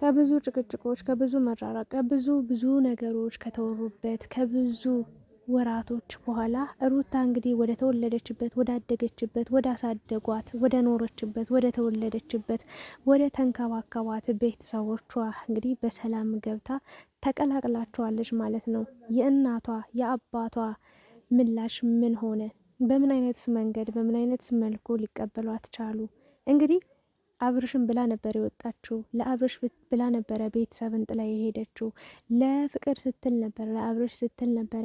ከብዙ ጭቅጭቆች፣ ከብዙ መራራቅ፣ ከብዙ ብዙ ነገሮች ከተወሩበት ከብዙ ወራቶች በኋላ ሩታ እንግዲህ ወደ ተወለደችበት ወደ አደገችበት ወደ አሳደጓት ወደ ኖረችበት ወደ ተወለደችበት ወደ ተንከባከቧት ቤተሰቦቿ እንግዲህ በሰላም ገብታ ተቀላቅላቸዋለች ማለት ነው። የእናቷ የአባቷ ምላሽ ምን ሆነ? በምን አይነት መንገድ በምን አይነት መልኩ ሊቀበሏት ቻሉ? እንግዲህ አብርሽን ብላ ነበር የወጣችው። ለአብርሽ ብላ ነበረ ቤተሰብን ጥላ የሄደችው። ለፍቅር ስትል ነበር፣ ለአብርሽ ስትል ነበረ፣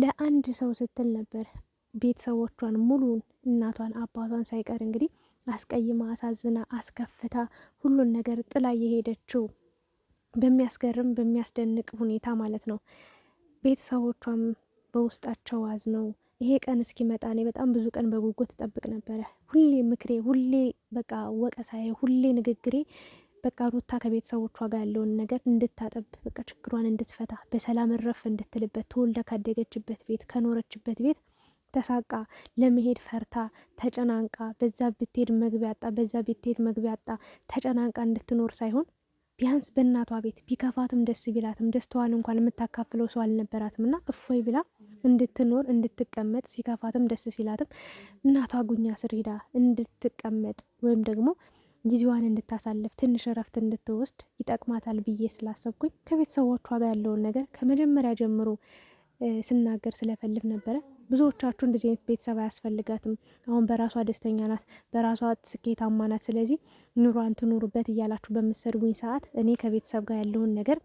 ለአንድ ሰው ስትል ነበር ቤተሰቦቿን ሙሉን እናቷን አባቷን ሳይቀር እንግዲህ አስቀይማ አሳዝና አስከፍታ ሁሉን ነገር ጥላ የሄደችው በሚያስገርም በሚያስደንቅ ሁኔታ ማለት ነው። ቤተሰቦቿም በውስጣቸው አዝነው ይሄ ቀን እስኪመጣ እኔ በጣም ብዙ ቀን በጉጉት እጠብቅ ነበረ። ሁሌ ምክሬ፣ ሁሌ በቃ ወቀሳዬ፣ ሁሌ ንግግሬ በቃ ሩታ ከቤተሰቦቿ ጋር ያለውን ነገር እንድታጠብ በቃ ችግሯን እንድትፈታ በሰላም እረፍ እንድትልበት ተወልዳ ካደገችበት ቤት ከኖረችበት ቤት ተሳቃ ለመሄድ ፈርታ ተጨናንቃ በዛ ብትሄድ መግቢያ አጣ በዛ ብትሄድ መግቢያ አጣ ተጨናንቃ እንድትኖር ሳይሆን ቢያንስ በእናቷ ቤት ቢከፋትም ደስ ቢላትም ደስታዋን እንኳን የምታካፍለው ሰው አልነበራትም እና እፎይ ብላ እንድትኖር እንድትቀመጥ፣ ሲከፋትም ደስ ሲላትም እናቷ ጉኛ ስር ሄዳ እንድትቀመጥ ወይም ደግሞ ጊዜዋን እንድታሳልፍ ትንሽ እረፍት እንድትወስድ ይጠቅማታል ብዬ ስላሰብኩኝ ከቤተሰቦቿ ጋር ያለውን ነገር ከመጀመሪያ ጀምሮ ስናገር ስለፈልግ ነበረ። ብዙዎቻችሁ እንደዚህ አይነት ቤተሰብ አያስፈልጋትም፣ አሁን በራሷ ደስተኛ ናት፣ በራሷ ስኬታማ ናት፣ ስለዚህ ኑሯን ትኑሩበት እያላችሁ በምትሰድቡኝ ሰዓት እኔ ከቤተሰብ ጋር ያለውን ነገር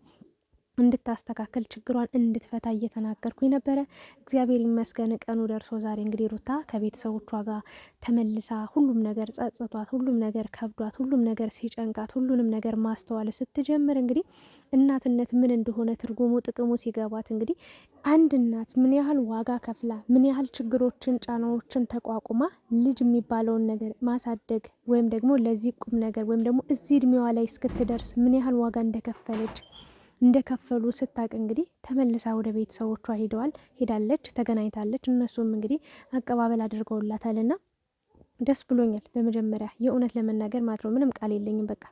እንድታስተካከል ችግሯን እንድትፈታ እየተናገርኩ ነበረ። እግዚአብሔር ይመስገን ቀኑ ደርሶ ዛሬ እንግዲህ ሩታ ከቤተሰቦቿ ጋር ተመልሳ ሁሉም ነገር ጸጽቷት፣ ሁሉም ነገር ከብዷት፣ ሁሉም ነገር ሲጨንቃት፣ ሁሉንም ነገር ማስተዋል ስትጀምር እንግዲህ እናትነት ምን እንደሆነ ትርጉሙ ጥቅሙ ሲገባት እንግዲህ አንድ እናት ምን ያህል ዋጋ ከፍላ ምን ያህል ችግሮችን ጫናዎችን ተቋቁማ ልጅ የሚባለውን ነገር ማሳደግ ወይም ደግሞ ለዚህ ቁም ነገር ወይም ደግሞ እዚህ እድሜዋ ላይ እስክትደርስ ምን ያህል ዋጋ እንደከፈለች እንደከፈሉ ስታቅ እንግዲህ ተመልሳ ወደ ቤተሰቦቿ ሄደዋል ሄዳለች ተገናኝታለች። እነሱም እንግዲህ አቀባበል አድርገውላታልና ደስ ብሎኛል። በመጀመሪያ የእውነት ለመናገር ማለት ነው ምንም ቃል የለኝም። በቃ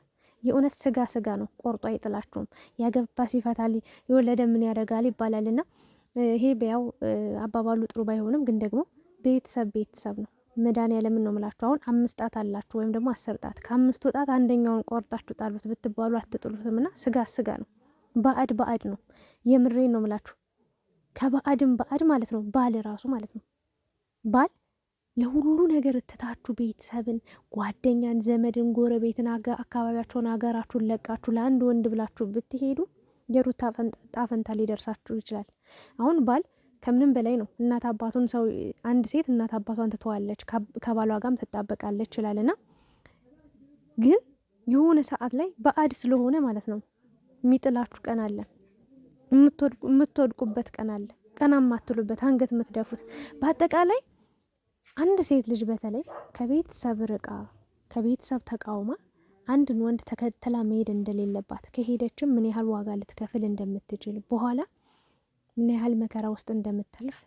የእውነት ስጋ ስጋ ነው፣ ቆርጦ አይጥላችሁም። ያገባ ሲፈታል፣ የወለደ ምን ያደርጋል ይባላልና ይሄ ያው አባባሉ ጥሩ ባይሆንም ግን ደግሞ ቤተሰብ ቤተሰብ ነው። መድኃኒዓለምን ነው የምላችሁ። አሁን አምስት ጣት አላችሁ ወይም ደግሞ አስር ጣት፣ ከአምስቱ ጣት አንደኛውን ቆርጣችሁ ጣሉት ብትባሉ አትጥሉትም። እና ስጋ ስጋ ነው። ባዕድ ባዕድ ነው። የምሬን ነው ምላችሁ። ከባዕድም ባዕድ ማለት ነው ባል ራሱ ማለት ነው። ባል ለሁሉ ነገር እትታችሁ ቤተሰብን፣ ጓደኛን፣ ዘመድን፣ ጎረቤትን፣ አካባቢያቸውን፣ ሀገራችሁን ለቃችሁ ለአንድ ወንድ ብላችሁ ብትሄዱ የሩታ ጣፈንታ ሊደርሳችሁ ይችላል። አሁን ባል ከምንም በላይ ነው። እናት አባቱን ሰው አንድ ሴት እናት አባቷን ትተዋለች፣ ከባሏ ጋም ትጣበቃለች ይችላልና ግን የሆነ ሰዓት ላይ ባዕድ ስለሆነ ማለት ነው የሚጥላችሁ ቀን አለ። የምትወድቁበት ቀን አለ። ቀና የማትሉበት አንገት የምትደፉት። በአጠቃላይ አንድ ሴት ልጅ በተለይ ከቤተሰብ ርቃ ከቤተሰብ ተቃውማ አንድን ወንድ ተከትላ መሄድ እንደሌለባት ከሄደችም ምን ያህል ዋጋ ልትከፍል እንደምትችል በኋላ ምን ያህል መከራ ውስጥ እንደምታልፍ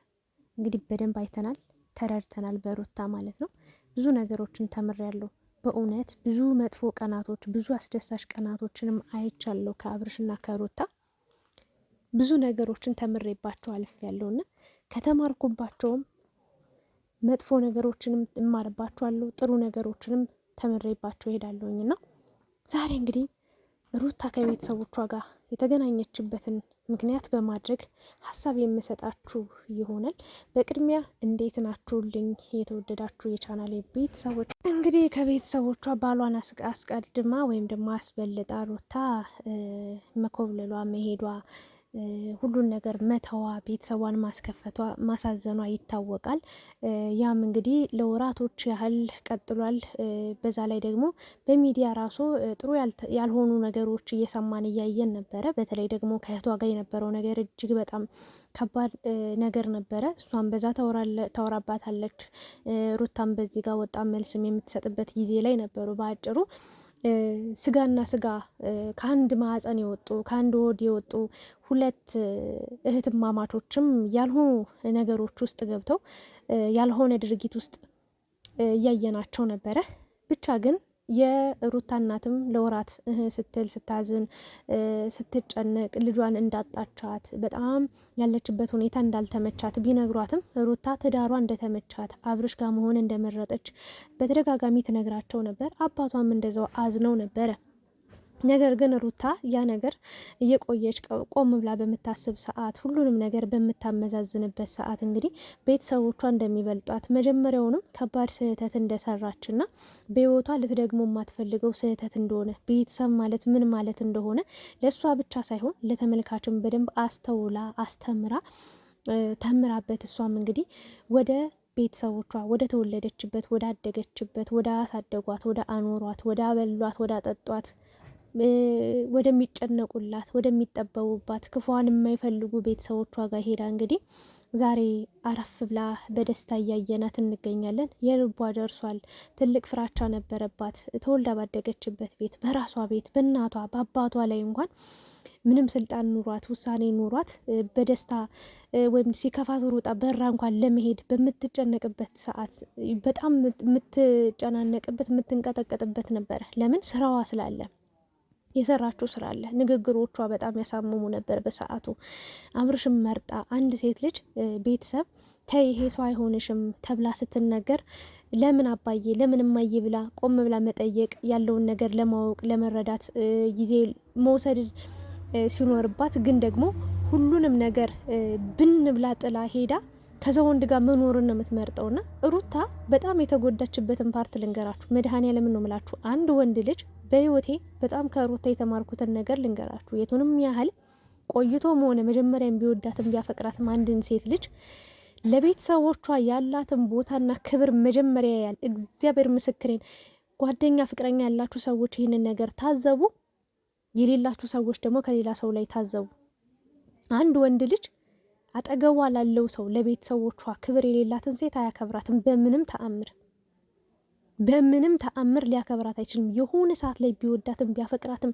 እንግዲህ በደንብ አይተናል፣ ተረድተናል በሩታ ማለት ነው። ብዙ ነገሮችን ተምሬያለሁ። በእውነት ብዙ መጥፎ ቀናቶች፣ ብዙ አስደሳች ቀናቶችንም አይቻለሁ ከአብርሽና ከሩታ ብዙ ነገሮችን ተምሬባቸው አልፍ ያለውና ከተማርኩባቸውም መጥፎ ነገሮችንም እማርባቸዋለሁ፣ ጥሩ ነገሮችንም ተምሬባቸው እሄዳለሁኝ እና ዛሬ እንግዲህ ሩታ ከቤተሰቦቿ ጋር የተገናኘችበትን ምክንያት በማድረግ ሀሳብ የምሰጣችሁ ይሆናል። በቅድሚያ እንዴት ናችሁልኝ የተወደዳችሁ የቻናሌ ቤተሰቦች? እንግዲህ ከቤተሰቦቿ ባሏን አስቀድማ ወይም ደግሞ አስበልጣ ሩታ መኮብለሏ መሄዷ ሁሉን ነገር መተዋ፣ ቤተሰቧን ማስከፈቷ፣ ማሳዘኗ ይታወቃል። ያም እንግዲህ ለወራቶች ያህል ቀጥሏል። በዛ ላይ ደግሞ በሚዲያ ራሱ ጥሩ ያልሆኑ ነገሮች እየሰማን እያየን ነበረ። በተለይ ደግሞ ከእህቷ ጋር የነበረው ነገር እጅግ በጣም ከባድ ነገር ነበረ። እሷም በዛ ታወራባታለች፣ ሩታም በዚህ ጋር ወጣ መልስም የምትሰጥበት ጊዜ ላይ ነበሩ በአጭሩ ስጋና ስጋ ከአንድ ማዕፀን የወጡ ከአንድ ወድ የወጡ ሁለት እህትማማቾችም ያልሆኑ ነገሮች ውስጥ ገብተው ያልሆነ ድርጊት ውስጥ እያየናቸው ነበረ። ብቻ ግን የሩታ እናትም ለወራት ስትል ስታዝን ስትጨነቅ ልጇን እንዳጣቻት በጣም ያለችበት ሁኔታ እንዳልተመቻት ቢነግሯትም ሩታ ትዳሯ እንደተመቻት አብርሽ ጋር መሆን እንደመረጠች በተደጋጋሚ ትነግራቸው ነበር። አባቷም እንደዛው አዝነው ነበረ። ነገር ግን ሩታ ያ ነገር እየቆየች ቆም ብላ በምታስብ ሰዓት ሁሉንም ነገር በምታመዛዝንበት ሰዓት እንግዲህ ቤተሰቦቿ እንደሚበልጧት መጀመሪያውንም ከባድ ስህተት እንደሰራችና በህይወቷ ልትደግሞ የማትፈልገው ስህተት እንደሆነ ቤተሰብ ማለት ምን ማለት እንደሆነ ለእሷ ብቻ ሳይሆን ለተመልካችን በደንብ አስተውላ አስተምራ ተምራበት እሷም እንግዲህ ወደ ቤተሰቦቿ ወደ ተወለደችበት ወደ አደገችበት ወደ አሳደጓት ወደ አኖሯት ወደ አበሏት ወደ አጠጧት ወደሚጨነቁላት ወደሚጠበቡባት ክፉዋን የማይፈልጉ ቤተሰቦቿ ጋር ሄዳ እንግዲህ ዛሬ አረፍ ብላ በደስታ እያየናት እንገኛለን። የልቧ ደርሷል። ትልቅ ፍራቻ ነበረባት። ተወልዳ ባደገችበት ቤት፣ በራሷ ቤት፣ በእናቷ በአባቷ ላይ እንኳን ምንም ስልጣን ኑሯት ውሳኔ ኑሯት በደስታ ወይም ሲከፋት ሮጣ በራ እንኳን ለመሄድ በምትጨነቅበት ሰዓት በጣም የምትጨናነቅበት የምትንቀጠቀጥበት ነበረ። ለምን ስራዋ ስላለ የሰራችው ስራ አለ። ንግግሮቿ በጣም ያሳምሙ ነበር በሰዓቱ። አብርሽም መርጣ አንድ ሴት ልጅ ቤተሰብ ተይ ይሄ ሰው አይሆንሽም ተብላ ስትነገር ለምን አባዬ ለምን እማዬ ብላ ቆም ብላ መጠየቅ ያለውን ነገር ለማወቅ ለመረዳት ጊዜ መውሰድ ሲኖርባት ግን ደግሞ ሁሉንም ነገር ብን ብላ ጥላ ሄዳ ከዛ ወንድ ጋር መኖርን ነው የምትመርጠውና ሩታ በጣም የተጎዳችበትን ፓርት ልንገራችሁ። መድኃኔዓለምን ነው የምላችሁ አንድ ወንድ ልጅ በህይወቴ በጣም ከሩታ የተማርኩትን ነገር ልንገራችሁ። የቱንም ያህል ቆይቶም ሆነ መጀመሪያም ቢወዳትም ቢያፈቅራትም አንድን ሴት ልጅ ለቤተሰቦቿ ያላትን ቦታና ክብር መጀመሪያ ያል እግዚአብሔር ምስክሬን። ጓደኛ ፍቅረኛ ያላችሁ ሰዎች ይህንን ነገር ታዘቡ፣ የሌላችሁ ሰዎች ደግሞ ከሌላ ሰው ላይ ታዘቡ። አንድ ወንድ ልጅ አጠገቧ ላለው ሰው ለቤተሰቦቿ ክብር የሌላትን ሴት አያከብራትም በምንም ተአምር። በምንም ተአምር ሊያከብራት አይችልም። የሆነ ሰዓት ላይ ቢወዳትም ቢያፈቅራትም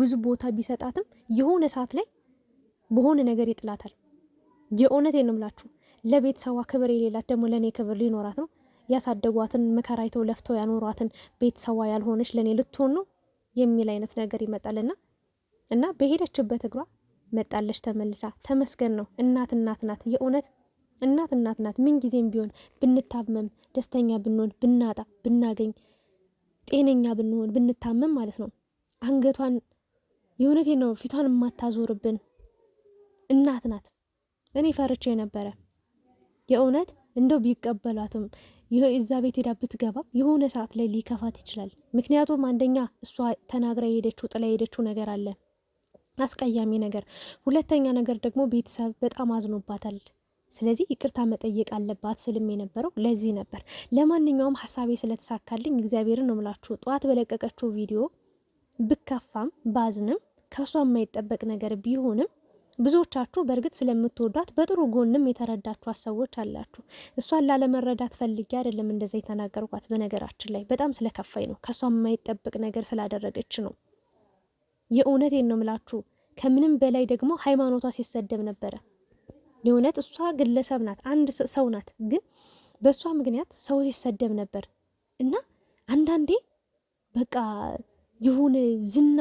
ብዙ ቦታ ቢሰጣትም የሆነ ሰዓት ላይ በሆነ ነገር ይጥላታል። የእውነት ነው የምላችሁ። ለቤተሰቧ ክብር የሌላት ደግሞ ለእኔ ክብር ሊኖራት ነው። ያሳደጓትን መከራይተው ለፍተው ያኖሯትን ቤተሰቧ ያልሆነች ለእኔ ልትሆን ነው የሚል አይነት ነገር ይመጣልና እና በሄደችበት እግሯ መጣለች ተመልሳ። ተመስገን ነው። እናት እናት ናት የእውነት እናት እናት ናት። ምን ጊዜም ቢሆን ብንታመም፣ ደስተኛ ብንሆን፣ ብናጣ፣ ብናገኝ፣ ጤነኛ ብንሆን፣ ብንታመም ማለት ነው አንገቷን የእውነቴ ነው ፊቷን የማታዞርብን እናት ናት። እኔ ፈርቼ ነበረ የእውነት እንደው ቢቀበሏትም እዛ ቤት ሄዳ ብትገባ የሆነ ሰዓት ላይ ሊከፋት ይችላል። ምክንያቱም አንደኛ እሷ ተናግራ የሄደችው ጥላ የሄደችው ነገር አለ አስቀያሚ ነገር፣ ሁለተኛ ነገር ደግሞ ቤተሰብ በጣም አዝኖባታል። ስለዚህ ይቅርታ መጠየቅ አለባት ስልም የነበረው ለዚህ ነበር። ለማንኛውም ሀሳቤ ስለተሳካልኝ እግዚአብሔርን ነው ምላችሁ። ጠዋት በለቀቀችው ቪዲዮ ብከፋም ባዝንም ከሷ የማይጠበቅ ነገር ቢሆንም ብዙዎቻችሁ በእርግጥ ስለምትወዷት በጥሩ ጎንም የተረዳችኋት ሰዎች አላችሁ። እሷን ላለመረዳት ፈልጌ አይደለም እንደዛ የተናገርኳት። በነገራችን ላይ በጣም ስለከፋኝ ነው፣ ከእሷ የማይጠበቅ ነገር ስላደረገች ነው። የእውነቴን ነው ምላችሁ። ከምንም በላይ ደግሞ ሃይማኖቷ ሲሰደብ ነበረ። የእውነት እሷ ግለሰብ ናት፣ አንድ ሰው ናት። ግን በእሷ ምክንያት ሰው ይሰደብ ነበር እና አንዳንዴ በቃ ይሁን ዝና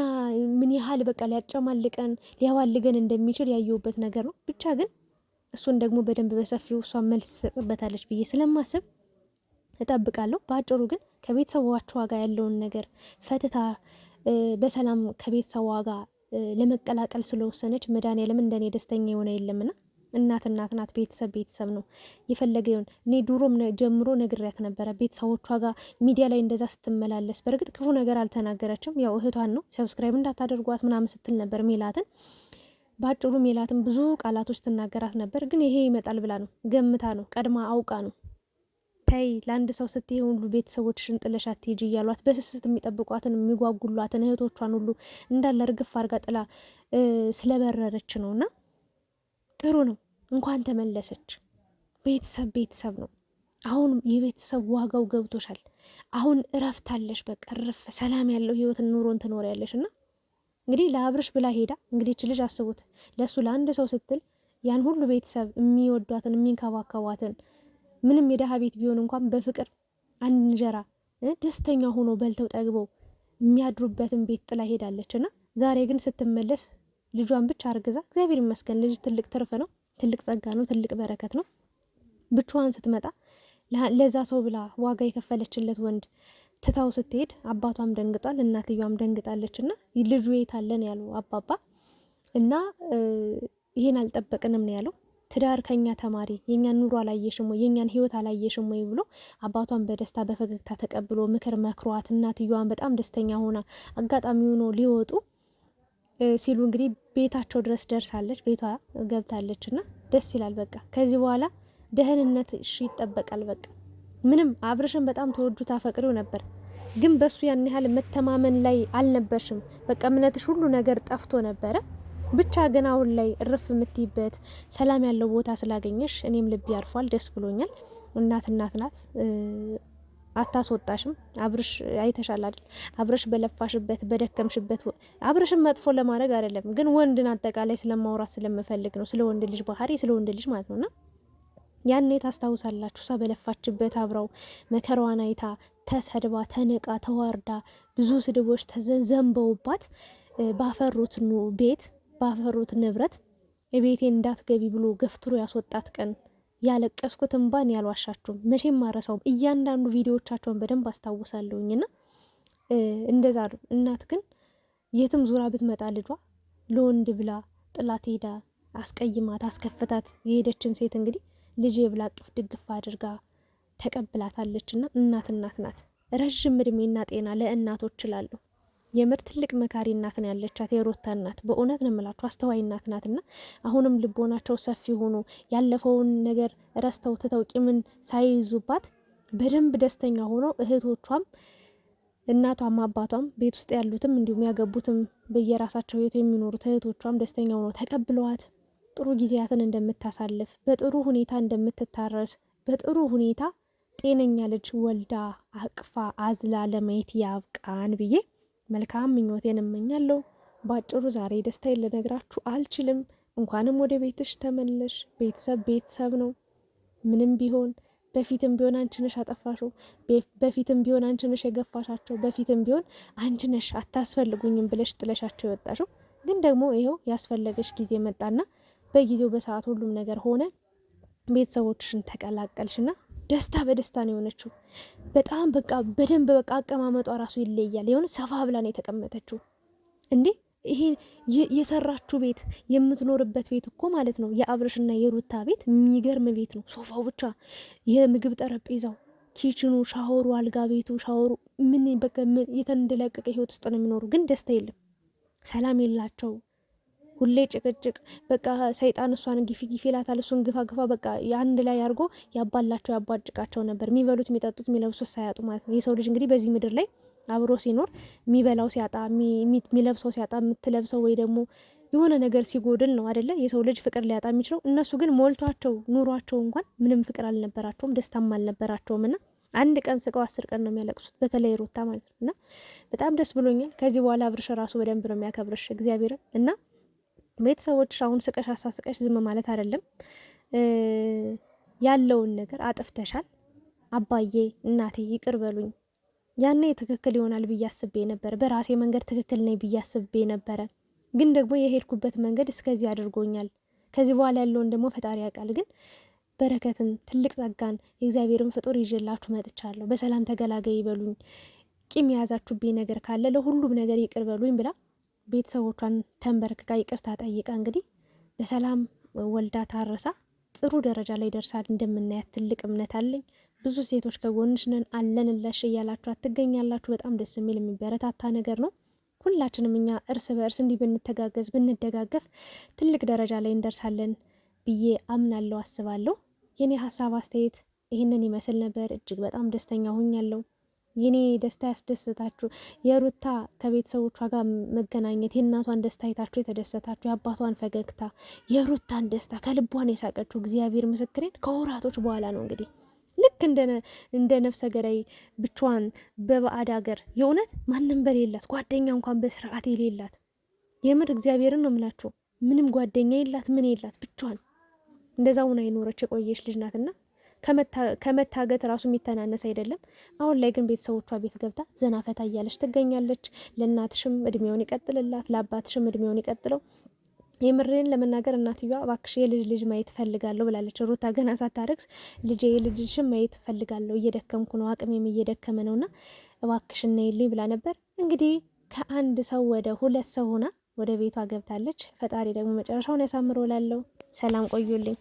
ምን ያህል በቃ ሊያጨማልቀን ሊያዋልገን እንደሚችል ያየሁበት ነገር ነው። ብቻ ግን እሱን ደግሞ በደንብ በሰፊው እሷ መልስ ትሰጥበታለች ብዬ ስለማስብ እጠብቃለሁ። በአጭሩ ግን ከቤተሰቧ ጋር ያለውን ነገር ፈትታ በሰላም ከቤተሰቧ ጋር ለመቀላቀል ስለወሰነች መድኃኒዓለም እንደኔ ደስተኛ የሆነ የለምና እናት እናት ናት፣ ቤተሰብ ቤተሰብ ነው። የፈለገ ይሁን። እኔ ድሮም ጀምሮ ነግሬያት ነበረ ቤተሰቦቿ ጋር ሚዲያ ላይ እንደዛ ስትመላለስ፣ በእርግጥ ክፉ ነገር አልተናገረችም። ያው እህቷን ነው ሰብስክራይብ እንዳታደርጓት ምናምን ስትል ነበር ሜላትን። ባጭሩ ሜላትን ብዙ ቃላቶች ትናገራት ነበር፣ ግን ይሄ ይመጣል ብላ ነው ገምታ ነው ቀድማ አውቃ ነው። ተይ ለአንድ ሰው ስትይ ሁሉ ቤተሰቦችሽን ጥለሽ አትሄጂ እያሏት በስስት የሚጠብቋትን የሚጓጉሏትን እህቶቿን ሁሉ እንዳለ እርግፍ አርጋ ጥላ ስለበረረች ነውና ጥሩ ነው፣ እንኳን ተመለሰች። ቤተሰብ ቤተሰብ ነው። አሁን የቤተሰብ ዋጋው ገብቶሻል። አሁን እረፍት አለሽ። በቃ እርፍ፣ ሰላም ያለው ህይወትን ኑሮን ትኖር ያለሽ እና እንግዲህ ለአብርሽ ብላ ሄዳ እንግዲህ እች ልጅ አስቡት፣ ለእሱ ለአንድ ሰው ስትል ያን ሁሉ ቤተሰብ የሚወዷትን የሚንከባከቧትን ምንም የደሃ ቤት ቢሆን እንኳን በፍቅር አንድ እንጀራ ደስተኛ ሆኖ በልተው ጠግበው የሚያድሩበትን ቤት ጥላ ሄዳለች እና ዛሬ ግን ስትመለስ ልጇን ብቻ አርግዛ እግዚአብሔር ይመስገን ልጅ ትልቅ ትርፍ ነው፣ ትልቅ ጸጋ ነው፣ ትልቅ በረከት ነው። ብቻዋን ስትመጣ ለዛ ሰው ብላ ዋጋ የከፈለችለት ወንድ ትታው ስትሄድ አባቷም ደንግጧል፣ እናትየዋም ደንግጣለች። እና ልጁ የታለን ያሉ አባባ እና ይሄን አልጠበቅንም ነው ያለው። ትዳር ከኛ ተማሪ የእኛን ኑሮ አላየሽም ወይ የእኛን ህይወት አላየሽም ወይ ብሎ አባቷን በደስታ በፈገግታ ተቀብሎ ምክር መክሯት እናትየዋን በጣም ደስተኛ ሆና አጋጣሚ ሆኖ ሊወጡ ሲሉ እንግዲህ ቤታቸው ድረስ ደርሳለች። ቤቷ ገብታለች እና ደስ ይላል። በቃ ከዚህ በኋላ ደህንነት እሺ ይጠበቃል። በቃ ምንም አብርሽን በጣም ተወዱ ታፈቅሪው ነበር፣ ግን በሱ ያን ያህል መተማመን ላይ አልነበርሽም። በቃ እምነትሽ ሁሉ ነገር ጠፍቶ ነበረ። ብቻ ግን አሁን ላይ እርፍ የምትይበት ሰላም ያለው ቦታ ስላገኘሽ እኔም ልብ ያርፏል። ደስ ብሎኛል። እናት እናት ናት። አታስወጣሽም። አብርሽ አይተሻል አይደል? አብረሽ በለፋሽበት በደከምሽበት አብረሽ መጥፎ ለማድረግ አይደለም፣ ግን ወንድን አጠቃላይ ስለማውራት ስለምፈልግ ነው። ስለ ወንድ ልጅ ባህሪ፣ ስለ ወንድ ልጅ ማለት ነውና ያኔ ታስታውሳላችሁ። እሷ በለፋችበት አብራው መከራዋን አይታ ተሰድባ ተንቃ ተዋርዳ ብዙ ስድቦች ተዘንበውባት ባፈሩት ቤት ባፈሩት ንብረት ቤቴ እንዳትገቢ ብሎ ገፍትሮ ያስወጣት ቀን ያለቀስኩት እንባን ያልዋሻችሁም መቼም አረሳውም። እያንዳንዱ ቪዲዮዎቻቸውን በደንብ አስታውሳለሁኝና እንደዛ ነው። እናት ግን የትም ዙራ ብትመጣ ልጇ ለወንድ ብላ ጥላት ሄዳ አስቀይማት አስከፍታት የሄደችን ሴት እንግዲህ ልጅ የብላ ቅፍ ድግፍ አድርጋ ተቀብላታለች። እናት እናት ናት። ረዥም እድሜና ጤና ለእናቶች እላለሁ። የምር ትልቅ መካሪ እናት ነው ያለቻት የሩታ እናት። በእውነት ነው የምላችሁ አስተዋይ እናት ናትና አሁንም ልቦናቸው ሰፊ ሆኖ ያለፈውን ነገር ረስተው ትተው ቂምን ሳይይዙባት በደንብ ደስተኛ ሆነው እህቶቿም እናቷም አባቷም ቤት ውስጥ ያሉትም እንዲሁም ያገቡትም በየራሳቸው ቤት የሚኖሩት እህቶቿም ደስተኛ ሆነው ተቀብለዋት ጥሩ ጊዜያትን እንደምታሳልፍ በጥሩ ሁኔታ እንደምትታረስ በጥሩ ሁኔታ ጤነኛ ልጅ ወልዳ አቅፋ አዝላ ለማየት ያብቃን ብዬ መልካም ምኞቴን እመኛለሁ። በአጭሩ ዛሬ ደስታዬን ልነግራችሁ አልችልም። እንኳንም ወደ ቤትሽ ተመለሽ። ቤተሰብ ቤተሰብ ነው። ምንም ቢሆን በፊትም ቢሆን አንችነሽ ነሽ አጠፋሽው፣ በፊትም ቢሆን አንችነሽ የገፋሻቸው፣ በፊትም ቢሆን አንችነሽ አታስፈልጉኝም ብለሽ ጥለሻቸው የወጣሽው። ግን ደግሞ ይኸው ያስፈለገሽ ጊዜ መጣና በጊዜው በሰዓት ሁሉም ነገር ሆነ። ቤተሰቦችሽን ተቀላቀልሽና ደስታ በደስታ ነው የሆነችው። በጣም በቃ በደንብ በቃ አቀማመጧ ራሱ ይለያል። የሆነ ሰፋ ብላ ነው የተቀመጠችው። እንዴ ይሄ የሰራችሁ ቤት የምትኖርበት ቤት እኮ ማለት ነው የአብርሽና የሩታ ቤት የሚገርም ቤት ነው። ሶፋው ብቻ የምግብ ጠረጴዛው፣ ኪችኑ፣ ሻወሩ፣ አልጋ ቤቱ፣ ሻወሩ ምን በቃ የተንደላቀቀ ህይወት ውስጥ ነው የሚኖሩ። ግን ደስታ የለም፣ ሰላም የላቸው ሁሌ ጭቅጭቅ በቃ ሰይጣን እሷን ጊፊ ጊፊ ይላታል፣ እሱን ግፋ ግፋ በቃ አንድ ላይ አድርጎ ያባላቸው ያቧጭቃቸው ነበር። የሚበሉት የሚጠጡት የሚለብሱት ሳያጡ ማለት ነው። የሰው ልጅ እንግዲህ በዚህ ምድር ላይ አብሮ ሲኖር የሚበላው ሲያጣ የሚለብሰው ሲያጣ የምትለብሰው ወይ ደግሞ የሆነ ነገር ሲጎድል ነው አደለ? የሰው ልጅ ፍቅር ሊያጣ የሚችለው። እነሱ ግን ሞልቷቸው ኑሯቸው እንኳን ምንም ፍቅር አልነበራቸውም፣ ደስታም አልነበራቸውም። እና አንድ ቀን ስቀው አስር ቀን ነው የሚያለቅሱት፣ በተለይ ሩታ ማለት ነው። እና በጣም ደስ ብሎኛል። ከዚህ በኋላ አብርሽ ራሱ በደንብ ነው የሚያከብርሽ እግዚአብሔርን እና ቤተሰቦችሽ አሁን ስቀሽ አሳስቀሽ ዝም ማለት አይደለም። ያለውን ነገር አጥፍተሻል። አባዬ እናቴ ይቅር በሉኝ። ያኔ ትክክል ይሆናል ብዬ አስቤ ነበረ። በራሴ መንገድ ትክክል ነኝ ብዬ አስቤ ነበረ። ግን ደግሞ የሄድኩበት መንገድ እስከዚህ አድርጎኛል። ከዚህ በኋላ ያለውን ደግሞ ፈጣሪ ያውቃል። ግን በረከትን፣ ትልቅ ጸጋን፣ የእግዚአብሔርን ፍጡር ይዤላችሁ መጥቻለሁ። በሰላም ተገላገይ ይበሉኝ። ቂም የያዛችሁብኝ ነገር ካለ ለሁሉም ነገር ይቅር በሉኝ ብላ ቤተሰቦቿን ተንበርክካ ይቅርታ ጠይቃ እንግዲህ በሰላም ወልዳ ታርሳ ጥሩ ደረጃ ላይ ደርሳ እንደምናያት ትልቅ እምነት አለኝ። ብዙ ሴቶች ከጎንሽ ነን አለንለሽ እያላችሁ ትገኛላችሁ። በጣም ደስ የሚል የሚበረታታ ነገር ነው። ሁላችንም እኛ እርስ በእርስ እንዲህ ብንተጋገዝ ብንደጋገፍ ትልቅ ደረጃ ላይ እንደርሳለን ብዬ አምናለሁ፣ አስባለሁ። የኔ ሀሳብ አስተያየት ይህንን ይመስል ነበር። እጅግ በጣም ደስተኛ ሆኛለሁ። የኔ ደስታ ያስደሰታችሁ የሩታ ከቤተሰቦቿ ጋር መገናኘት የእናቷን ደስታ አይታችሁ የተደሰታችሁ የአባቷን ፈገግታ የሩታን ደስታ ከልቧን የሳቀችው እግዚአብሔር ምስክሬን ከወራቶች በኋላ ነው እንግዲህ ልክ እንደ ነፍሰ ገዳይ ብቻዋን በባዕድ ሀገር የእውነት ማንም በሌላት ጓደኛ እንኳን በስርዓት የሌላት የምር እግዚአብሔርን ነው ምላችሁ ምንም ጓደኛ የላት ምን የላት ብቻዋን እንደዛ አይኖረች የኖረች የቆየች ልጅ ናትና ከመታገት ራሱ የሚተናነስ አይደለም። አሁን ላይ ግን ቤተሰቦቿ ቤት ገብታ ዘና ፈታ እያለች ትገኛለች። ለእናትሽም እድሜውን ይቀጥልላት፣ ለአባትሽም እድሜውን ይቀጥለው። የምሬን ለመናገር እናትዮዋ እባክሽ የልጅ ልጅ ማየት ፈልጋለሁ ብላለች። ሩታ ገና ሳታረግስ ልጄ የልጅሽን ማየት ፈልጋለሁ፣ እየደከምኩ ነው፣ አቅሜም እየደከመ ነውና እባክሽ ነይልኝ ብላ ነበር። እንግዲህ ከአንድ ሰው ወደ ሁለት ሰው ሆና ወደ ቤቷ ገብታለች። ፈጣሪ ደግሞ መጨረሻውን ያሳምሮ ላለው። ሰላም ቆዩልኝ።